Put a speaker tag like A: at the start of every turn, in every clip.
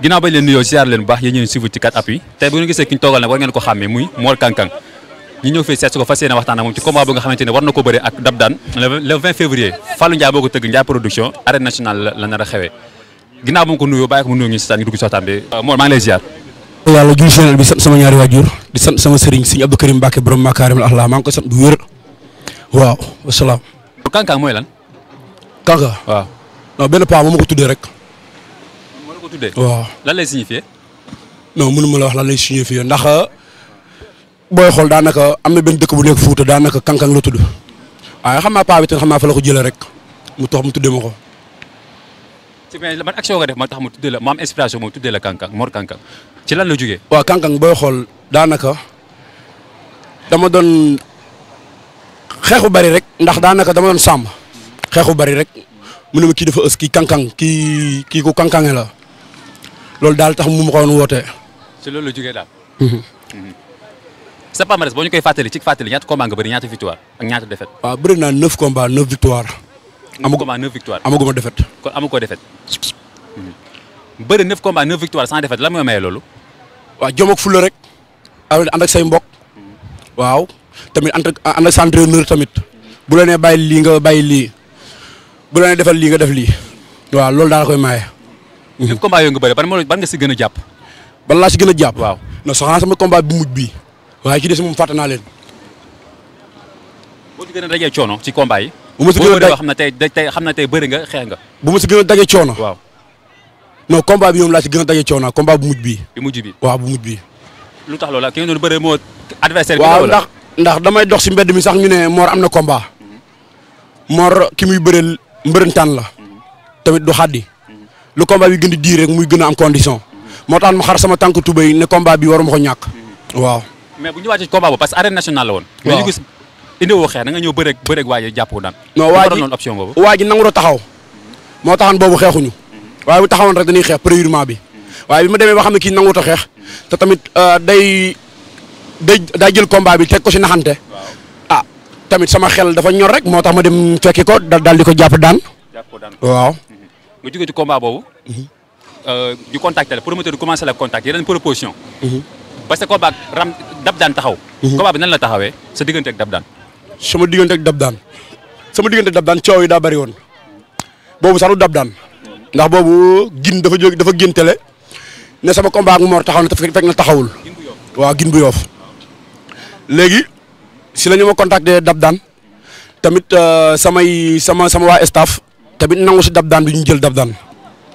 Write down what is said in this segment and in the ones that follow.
A: ginnaaw bañ leen nuyoo ziar leen bu baax yéen ñeen suivre ci 4appuis tey bu ngeen gisee ki ñu toogal war ngeen ko xàmmee muy Mor Kang Kang ñëw fii seet si ko fas waxtaan ak moom ci combat la nar a xewee ginnaaw
B: waaw benn paa moo ma ko tuddee rek
A: waaw lan lay signifié.
B: non la wax lan lay signifié ndax euh, booy xool daanaka am na benn dëkk bu nekk Fuuta daanaka kankang la tudd waaye xam naa paa bi te xam naa fa la ko jëlee rek mu tax mu tuddee ko.
A: ci mais man action nga def ma tax mu tuddee la ma am inspiration moom tuddee la kankang Mor kankang ci lan la jógee.
B: waaw kankang booy xool daanaka dama doon xeexu bari rek ndax daanaka dama doon xeex xeexu bari rek mu ne ma kii dafa ës kii kankang kii kii ku kankange la loolu daal tax mu ma ko woon wootee.
A: ci loolu la jógee daal. Mhm. Mhm. sa palmarès boo ñu koy fàttali ci fàttali ñaata combat nga bëri ñaata victoire ak ñaata défaite.
B: waaw bëri naa neuf combat neuf victoire.
A: amagu combat neuf victoire amagu ma défaite. kon amagu ko défaite. Mhm. bëri neuf combat neuf victoire sans défaite lan mooy maye loolu. waaw jom ak fulla rek. ànd ak say mbokk. waaw tamit ànd ak
B: ànd ak sa entraîneur tamit. bu la nee bàyyi lii nga bàyyi lii bu la nee defal lii nga def lii. waaw loolu daal koy maye.
A: ñun mm-hmm. combat yooyu nga bëri ban moo ban si gën a jàpp
B: ban laa si gën a jàpp waaw non soxna sama combat bu mujj bii waaye ci des moom fàtte naa leen
A: boo ci ci combat yi bu ma si gën a xam na tey tey xam na tey bëri nga xeex nga
B: bu ma si gën a dajee coono waaw non combat bi moom laa si gën a dajee coono combat bu mujj bii
A: mujj bi waaw bu mujj bi lu tax loola ki nga doon bëree moo adversaire bi waaw
B: ndax ndax dox si mbedd mi sax ñu ne Mor am na combat mm-hmm. Mor ki muy bëreel mbërëntaan la mm-hmm. tamit du xaddi lu combat bi gën di diir rek muy gën a am condition moo tax mu xar sama tànk tubéy ne combat bi waruma ko ñàkk waaw.
A: mais bu ñu wàccee combat parce que arène nationale la woon. waaw mais ñu gis indi woo xeex da nga ñëw bëreeg bëreeg waa ji jàppoo daan. non waa ji option boobu.
B: moo boobu xeexuñu waaye bu taxawoon rek dañuy xeex premièrement bi waaye bi ma demee ba xam ne kii nanguut a xeex te tamit euh, day day day jël combat bi teg ko si naxante ah tamit sama xel dafa ñor rek moo tax ma dem fekki ko daal di ko jàpp daan waaw.
A: nga jóge ci combat boobu. ñu mhm. euh, contacté la promoteur bi commencé la contact yeneen proposition. Mhm. ba sa combat ram dab daan taxaw. Mhm. combat bi nan la taxawee sa diggante ak dab daan.
B: sama diggante ak dab daan sama diggante ak dab daan coow yi daa bëri woon boobu sax du boobu gin dafa jóg dafa géntele ne sama combat ak Mor taxaw na na taxawul. waaw gin bu yoof léegi si la ñu ma contacté dab daan tamit euh, samay sama sama waa staff. tamit nangu si dab daan ñu jël dab daan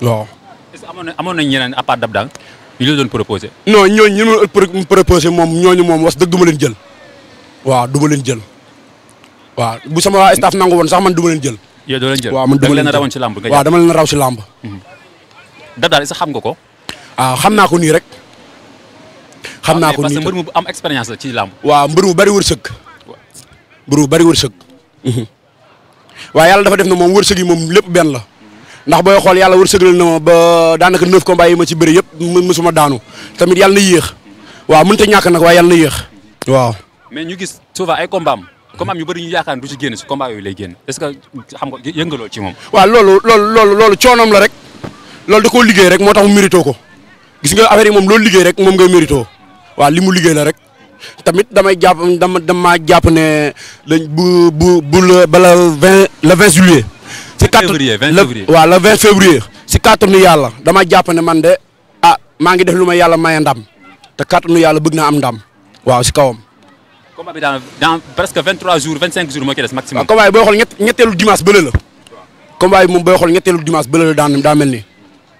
A: waaw. est-ce que amoon na ñeneen à part dab daan yu la doon proposé.
B: non ñooñu ñu doon proposé moom ñooñu moom wax dëgg du leen jël waaw du leen jël waaw bu sama waa staff nangu woon sax man du leen jël.
A: yow doo leen jël waaw man du leen rawoon si làmb nga waaw dama leen raw si
B: làmb. Mhm.
A: dab daan xam nga ko. ah xam naa ko nii rek. xam naa ah, ko nii parce que mbër mu am expérience la ci làmb.
B: waaw mbër mu bari wërsëg. mbër mu bari wërsëg. waaye yàlla dafa def na moom wërsëg yi moom lépp benn la ndax booy xool yàlla wërsëgal na ma ba daanaka neuf combats yi ma ci bëri yëpp mësuma daanu tamit yàlla na yéex waaw mënut a ñàkk nag waa yàlla na yéex waaw.
A: mais ñu gis souvent ay combat am combat am ñu yaakaar du ci génn si lay génn est que xam nga yëngaloo ci moom.
B: waaw loolu loolu loolu loolu la rek loolu da koo liggéey rek moo tax mu mérito ko gis nga affaire yi moom loolu liggéey rek moom nga mérito waaw li mu liggéey la rek tamit damay jàpp dama dama jàpp ne lañ bu bu bu le ba le vingt le vingt juillet. si quatre waaw le vingt février. si kàttanu yàlla dama jàpp ne man de ah maa ngi def lu ma yàlla maye ndam te kàttanu yàlla bëgg naa am ndam waaw si kawam.
A: combat bi dans dans presque vingt trois jours vingt cinq jours moo ci des maximum. waaw
B: combat yi booy xool ñett ñetteelu dimanche bële la. waaw combat yi moom booy xool ñetteelu dimanche bële la daan daa mel ni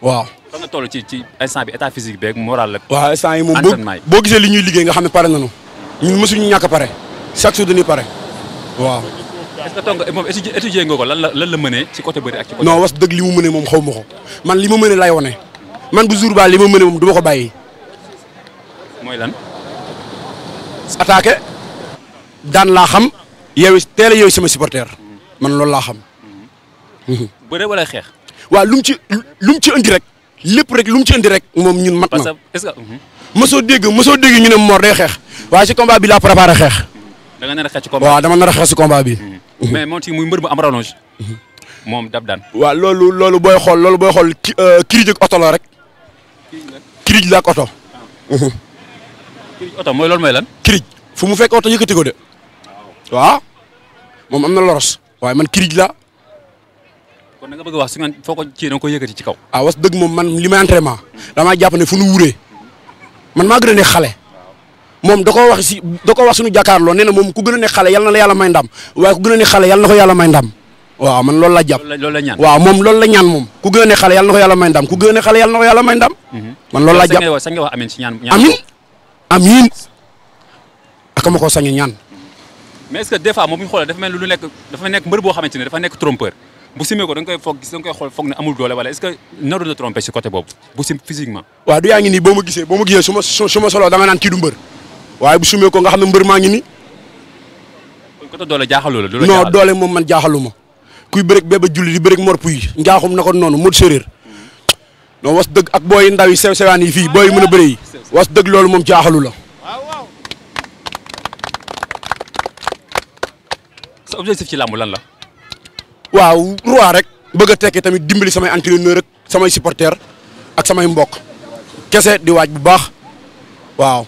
A: waaw. fa nga toll ci ci instant bi état physique beeg moral la. waaw instant yi moom boo
B: boo gisee li ñuy liggéey nga xam ne pare nañu ñun mësuñu ñàkk pare chaque jour dañuy pare
A: waaw. est-ce que ko lan la lan la mënee ci côté bëri ak ci côté.
B: dëgg li mënee moom xaw ma ko man li ma mënee lay wane man bu jour ba li mënee moom du ma ko bàyyi. mooy lan. daan laa xam yow teel a yow sama supporter man loolu laa xam.
A: bëre wala xeex. waaw lu
B: mu ci lu mu ci andi rek. lépp rek lu mu ci indi rek moom ñun mat na. est-ce que. Mhm. mosoo dégg mosoo dégg ñu ne Mor day xeex waaye si combat bi laa préparé xeex.
A: a xeex ci combat waaw
B: dama nar a xeex si combat bi.
A: Mhm. mais moom ci muy mbër bu am mhm. moom dab daan. waaw loolu loolu booy xool loolu booy xool ki euh, kirij ak oto la rek. kirij la ak oto.
B: Ah. kirij oto loolu mooy lan. kirij fu mu fekk oto yëkkati ko de. waaw moom am na loros. waaye man kirij la
A: kon da nga bëgg wax su ngeen foo ko ci da nga ko yëkkati ci kaw.
B: waaw ah, was dëgg moom man li may entraînement damaa jàpp ne fu nu wuree man maa gën a ne xale. moom da koo wax si da moom ku gën a ne xale la yàlla may ndam waaye ku gën a ne yal na ko yàlla may ndam waaw man loolu la jàpp
A: loolu la ñaan waaw moom loolu la ñaan moom
B: ku gën a ne xale yal na may ndam ku gën a ne xale yal na ko yàlla may ndam
A: mm-hmm. man loolu la jàpp sañ nga wax si ñaan amiin
B: amiin ak ma koo sañ
A: ñaan mais est-ce que lu nekk dafa nekk mbër boo xamante ne dafa nekk trompeur bu simee ko da nga koy foog xool foog ne amul doole wala est-ce que naru la trompé si côté boobu
B: bu sim physiquement. waaw du yaa ngi nii boo ma gisee boo ma gisee su ma naan kii mbër waaye bu sumee ko nga xam ne mbër maa ngi nii.
A: kon doole jaaxaloo la. doole non
B: doole moom man jaaxaluma kuy bëreeg bee ba julli di bëreeg mor puy njaaxum na ko noonu mot séeréer non was dëgg ak booy ndaw yi sew sewaan yi fii booy mën a bëre was dëgg loolu moom jaaxalu la.
A: sa objectif ci làmb lan la
B: waaw roi rek bëgg a tekki tamit dimbali samay entraîneur ak samay supporter ak samay mbokk kese di waaj bu baax waaw.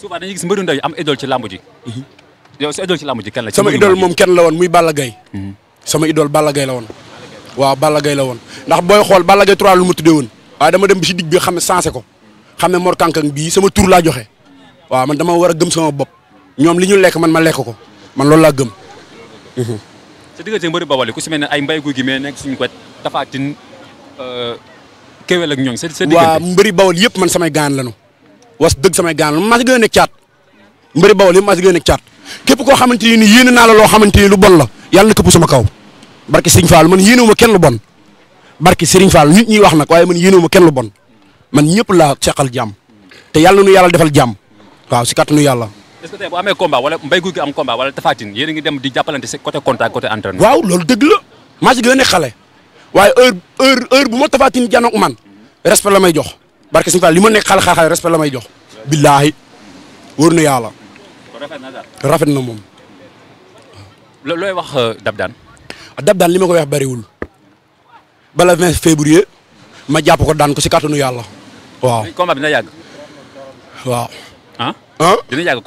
A: souvent dañuy gis mbëru ndaw yi am idole ci làmb ji. Mhm. yow sa ci làmb ji kenn sama idole moom
B: kenn la woon muy Balla gay mhm. sama idole Balla Gaye la woon. waaw Balla Gaye la woon ndax booy xool Balla Gaye 3 lu ma tuddee woon. waaye dama dem bi si digg bi xam ne sensé ko xam ne Mor Kankang bii sama tur laa joxe waaw man dama war a gëm sama bopp ñoom li ñu lekk man ma lekk ko man loolu laa gëm. Mhm.
A: sa diggante mbëri bawal yi ku si mel ne ay mbay guy gi mais nekk suñu ko euh, ak ñoom sa diggante waaw
B: mbëri bawal yëpp man samay gaan lañu was dëgg samay gaan lañu maa si gën a nekk caat mbëri bawal yëpp maa si gën a képp koo xamante ni yéene naa la loo xamante ni lu bon la yàlla na këpp sama kaw barki Serigne Fall man yéenewuma kenn lu bon barki Serigne Fall nit ñi wax nag waaye man yéenewuma kenn lu bon man ñëpp laa seqal jàmm te yàlla nu yàlla defal jàmm waaw si kàttanu yàlla
A: est-ce que tey wala Mbaye Gouye Gui am combat wala Tapha a ngi dem di jàppalante si côté contact côté entraînement.
B: waaw loolu dëgg la
A: maa ci gën a nekk xale
B: waaye heure bu ma Tapha Tine man respect la may jox barke suñu Fall li ma nekk xale xale respect la may jox. billaahi wóor na yàlla. rafet na daal rafet na
A: wax euh, Dab Daan. Ah, Dab Daan li ma
B: koy wax bariwul bala 20 ma jàpp ko daan ko si kàttanu yàlla
A: waaw. yàgg. waaw. Ah? ah dina yàgg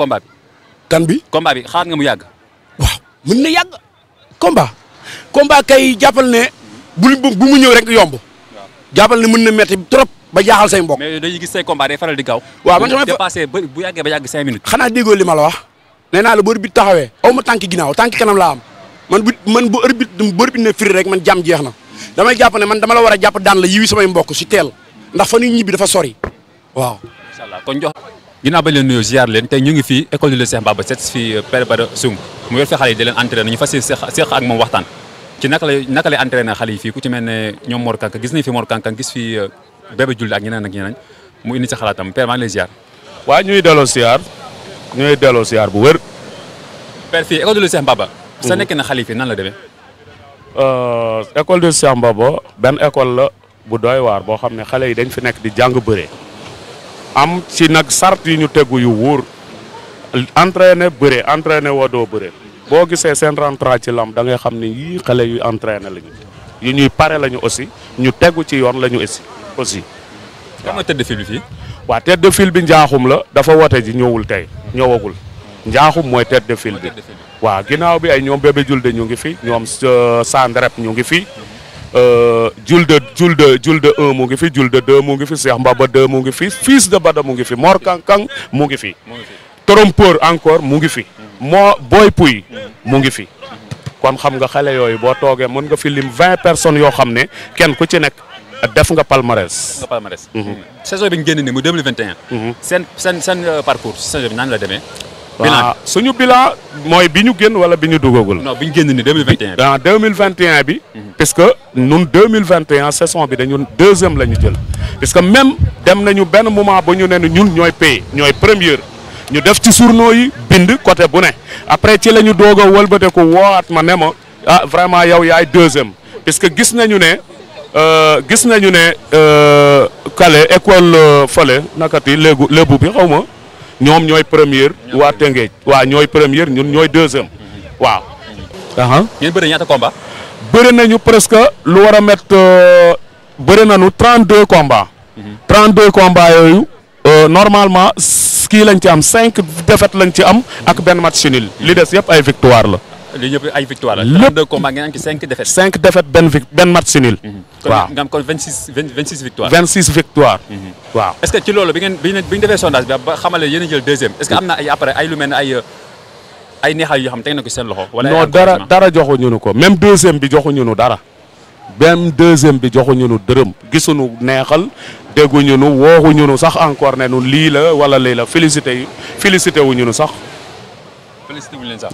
A: bi. kan xaar nga mu yàgg. waaw mën na yàgg. combat ne
B: bu bu mu ñëw rek yomb. jàppal ne mën na metti trop ba jaaxal say mbokk. dañuy gis say
A: combat faral di gaaw. waaw man damay bu yàggee ba yàgg cinq minutes.
B: xanaa déggoo li ma la wax nee naa la bu arbitre taxawee aw ma tànk ginnaaw tànk kanam laa am man bu man bu arbitre bu arbitre firi rek man jàmm jeex na damay jàpp ne man dama la war a jàpp daan la yiwi samay mbokk si teel ndax fa ñuy ñibbi dafa sori
A: waaw. incha allah jox ginnaaw bañ leen nuyoo ziar leen tey ñu ngi fii école de Cheikh Baba set fii euh, Père Bada Soung mu yor fi xale yi di leen entraîné ñu fas yéene seq ak moom waxtaan ci naka lay naka lay xale yi fii ku ci mel ne ñoom Mor Kanka gis nañ fi Mor Kanka gis fi euh, Bébé Julde ak ñeneen ak ñeneen mu indi ci xalaatam Père maa ngi lay ziar waaw ñuy delloo ziar ñuy delloo ziar bu wér Père fii école de Cheikh Baba sa mhm. nekk na xale yi fii nan la demee euh, école
C: de Cheikh Baba benn école la bu doy waar boo xam ne xale yi dañ fi nekk di jàng bëree am ci nag sart yi ñu tegu yu wóor entraîné bëre entraîné woo doo bëre boo gisee seen rentrant ci lamb da xam ne yii xale yu entraîné lañu yu ñuy pare lañu aussi ñu tegu ci yoon lañu aussi aussi. waaw ma tête de bi fii. waa tête de file bi njaaxum la dafa wote ji ñëwul tey ñëwagul. njaaxum mooy tête de file bi. waaw ginnaaw bi ay ñoom bébé de ñu ngi fii ñoom euh, sandrep ñu ngi fii Euh, Julde Julde Julde 1 mu ngi fi Julde de mu ngi fi Cheikh Mbaba 2 mu ngi fi Fils de Bada mu ngi fi Mor Kankang mu ngi fi. Trompeur encore mu ngi fi. moo mm-hmm. booy Pouy mu ngi fi. kon xam nga xale yooyu boo toogee mën nga fi lim vingt personnes yoo xam ne kenn ku ci nekk def nga palmarès. def
A: nga palmarès. Mm-hmm. Mm-hmm. saison bi ñu génn nii mu 2021. seen seen seen euh, parcours saison bi naan la demee. waaw suñu bilan
C: mooy bi ñu génn wala bi ñu duggagul. non bi ñu génn nii 2021 bi. en 2021 bi. Mhm. puisque ñun 2021 saison bi dañu deuxième la ñu jël. que même dem nañu benn moment ba ñu ne ñun ñooy paye ñooy premier ñu def ci journaux yi bind côté bu ne après ci la ñu doog a wëlbate ko woowaat ma ne ma ah vraiment yow yaay deuxième que gis nañu ne euh, gis nañu ne kale euh, école euh, fële nakati léegu lébu bi xaw ma. ñoom ñooy première waa Tëngéej waaw ñooy première ñun ñooy deuxième waaw. yéen bëri ñaata combat. bëri nañu presque lu war a mettre euh, bëri nañu trente deux combats. Mhm. trente deux combats yooyu euh, normalement kii lañ ci am cinq défaites lañ ci am ak benn mat nul li des yëpp ay victoire la.
A: li yëpp ay victoire la. lépp 32
C: benn match nul. Mhm.
A: waaw mhm. est ci loolu bi ngeen defee sondage bi xamale yéen a jël deuxième est ce que am na ay après ay lu mel ne ay euh, ay neexal yoo xam teg na ko seen loxo. wala non dara
C: dara ñu nu ko même deuxième bi ñu nu dara. même deuxième bi joxuñu nu dërëm gisunu neexal dégguñu nu wooxuñu nu sax encore ne nu lii la wala lii la félicité félicité wuñu nu sax.
A: félicité wuñu leen sax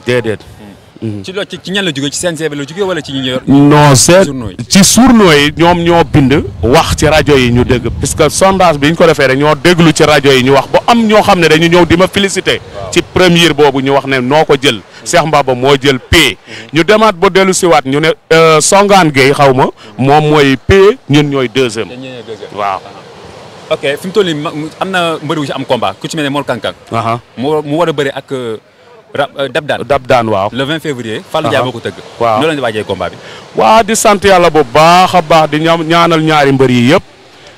A: Mhm. ci loolu ci ñan la jógee ci CNG bi la jógee wala ci ñi yor.
C: non c'est ci yi ñoom ñoo bind. wax ci rajo yi ñu dégg parce que sondage bi ñu ko defee rek ñoo déglu ci rajo yi ñu wax ba am ñoo xam ne dañu ñëw di ma félicité. ci première boobu ñu wax ne noo ko jël. Mhm. Cheikh Mbaba moo jël P. Mhm. ñu demaat ba dellu siwaat ñu ne euh, Songane Gueye xaw ma
A: moom mooy P ñun ñooy deuxième. waaw. ok fi mu toll nii am na mbër wu ci am combat ku ci mel ne Mor Kankang. mu war a bëri ak. Euh, Euh, dab daan dab daan waaw. le 20 février. Fallou Ndiaye uh-huh. ko tëgg. waaw ñoo leen di waajee combat bi.
C: waa di sant yàlla bu baax a baax di ñaanal ñaari mbër yi yëpp.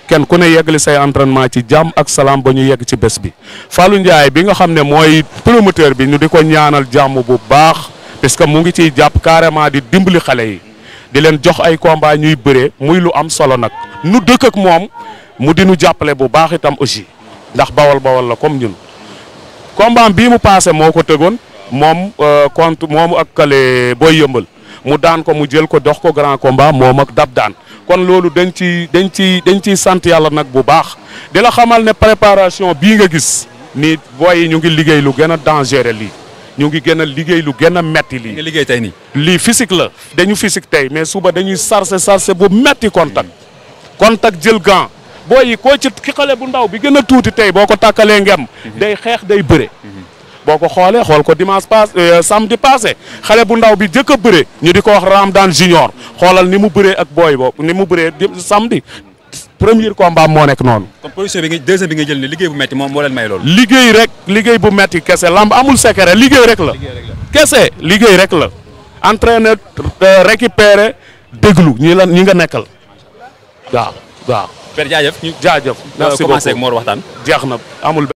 C: kenn ku ne yeggali say entrainement ci jàmm ak salaam ba ñu yegg ci bés bi Fallou Ndiaye bi nga xam ne mooy promoteur bi ñu di ko ñaanal jàmm bu baax parce que mu ngi ciy jàpp carrément di dimbali xale yi di leen jox ay combat ñuy bëree muy lu am solo nag nu dëkk ak moom mu di jàppale bu baax itam aussi ndax bawal bawal la comme ñun. combat bii mu passé moo ko tegoon moom euh, contre moom ak kale booy yëmbal mu daan ko mu jël ko dox ko grand combat moom ak dab daan kon loolu dañ ci dañ ci dañ ciy sant yàlla nag bu baax di la xamal ne préparation bii nga gis ni booy ñu ngi liggéey lu gën a dangereux lii ñu ngi gën a liggéey lu gën a metti lii. liggéey tey nii. lii physique la dañu physique tey mais suba dañuy sarse sarse bu metti contact contact jël gant boo ko ci ki xale bu ndaw bi gën a tuuti tey boo ko tàkkalee ngem day xeex day bëre boo ko xoolee xool ko dimanche pass euh, samedi passé xale bu ndaw bi jëkk a bëre ñu di ko wax Ramdan Junior xoolal ni mu bëree ak booy boobu ni mu bëree samedi premier combat moo nekk noonu.
A: kon position bi jël ni liggéey bu metti moom moo leen
C: liggéey rek liggéey bu metti kese lamb amul secret liggéey rek la. kese liggéey rek la. entraîner euh, récupérer déglu ñii la ñi nga nekkal waaw.
A: Père jaajëf ñu jaajëf. merci beaucoup commencé ak Mor waxtaan.
C: jeex na amul.